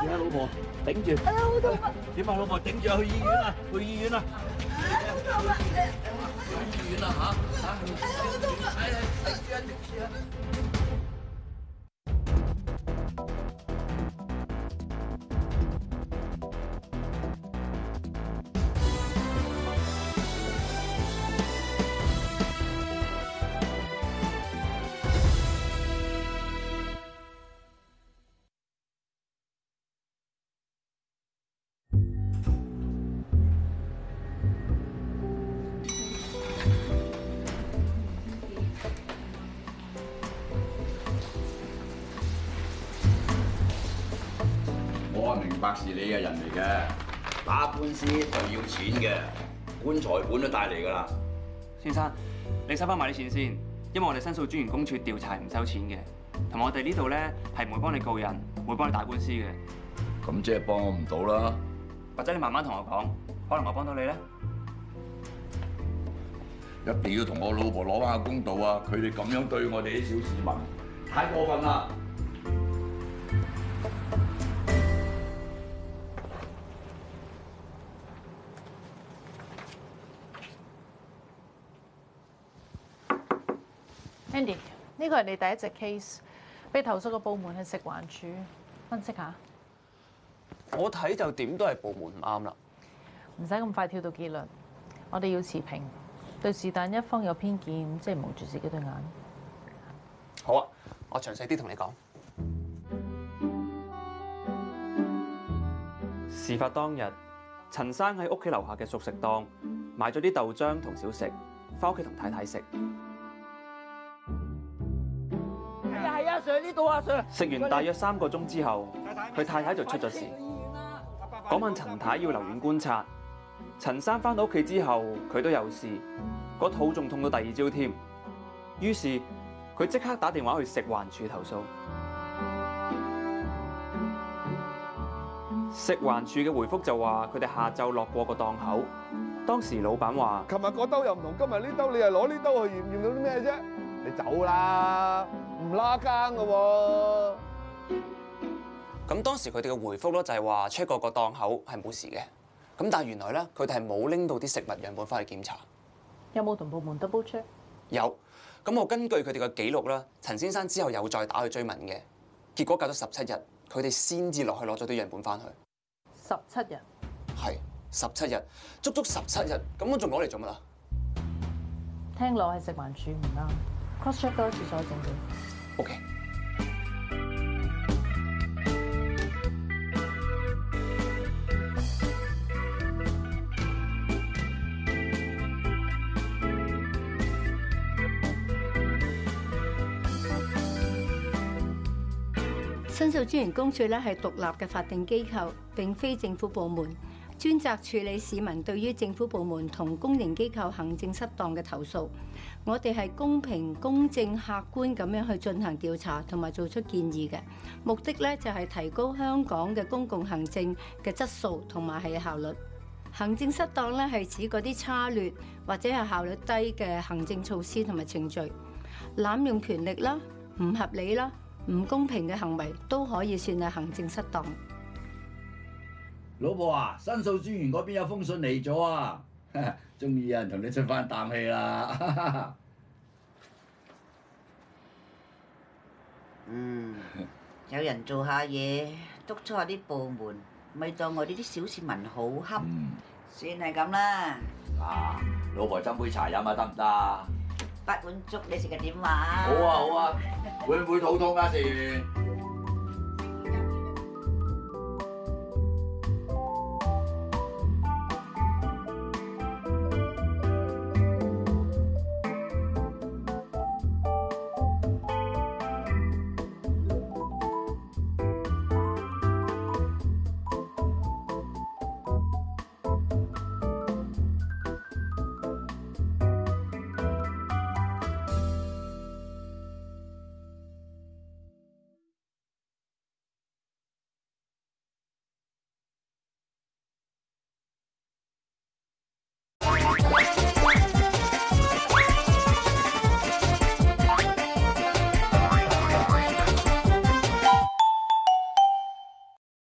點啊老婆，頂住、哎呀！點啊老婆，頂住，去醫院啊！去醫院啊！去醫院啊！哎呀，好痛啊！去醫院啦！啊、吓！啊！百事你嘅人嚟嘅，打官司就要錢嘅，棺材本都帶嚟㗎啦。先生，你收翻埋啲錢先，因為我哋申訴專員公署調查唔收錢嘅，同埋我哋呢度咧係唔會幫你告人，唔會幫你打官司嘅。咁即係幫我唔到啦。或者你慢慢同我講，可能我幫到你咧。一定要同我老婆攞翻個公道啊！佢哋咁樣對我哋啲小市民，太過分啦！Andy，呢個係你第一隻 case 俾投訴嘅部門係食環署，分析下。我睇就點都係部門唔啱啦。唔使咁快跳到結論，我哋要持平，對是但一方有偏見，即係矇住自己對眼。好啊，我詳細啲同你講。事發當日，陳生喺屋企樓下嘅熟食檔買咗啲豆漿同小食，翻屋企同太太食。食、啊啊啊、完大約三個鐘之後，佢太太，太太就出咗事了。嗰晚陳太，太要留院觀察，陳生返到屋企之後佢都有事，個肚仲痛到第二朝添。於是佢即刻打電話去食環署投訴。食環署嘅回復就話佢哋下晝落過個檔口，當時老闆話：琴日個兜又唔同，今日呢兜你又攞呢兜去驗，驗到啲咩啫？你走啦！唔拉更㗎喎，咁當時佢哋嘅回覆咯就係話 check 過個檔口係冇事嘅，咁但係原來咧佢哋係冇拎到啲食物樣本翻去檢查。有冇同部門 double check？有，咁我根據佢哋嘅記錄啦，陳先生之後又再打去追問嘅，結果隔咗十七日佢哋先至落去攞咗啲樣本翻去，十七日，係十七日，足足十七日，咁我仲攞嚟做乜啊？聽落係食環署唔啱。Cross check 個廁所整嘅。O K。申訴專員公署咧係獨立嘅法定機構，並非政府部門。專責處理市民對於政府部門同公營機構行政失當嘅投訴，我哋係公平、公正、客觀咁樣去進行調查同埋做出建議，嘅目的咧，就係提高香港嘅公共行政嘅質素同埋係效率。行政失當咧，係指嗰啲差劣或者係效率低嘅行政措施同埋程序，濫用權力啦、唔合理啦、唔公平嘅行為，都可以算係行政失當。老婆啊，申訴專員嗰邊有封信嚟咗啊！終 於有人同你出翻啖氣啦 嗯，有人做下嘢，督促下啲部門，咪當我哋啲小市民好恰。嗯、算係咁啦。嗱，老婆斟杯茶飲下得唔得？行煲碗粥你食嘅點話。好啊好啊，會唔會肚痛啊食完？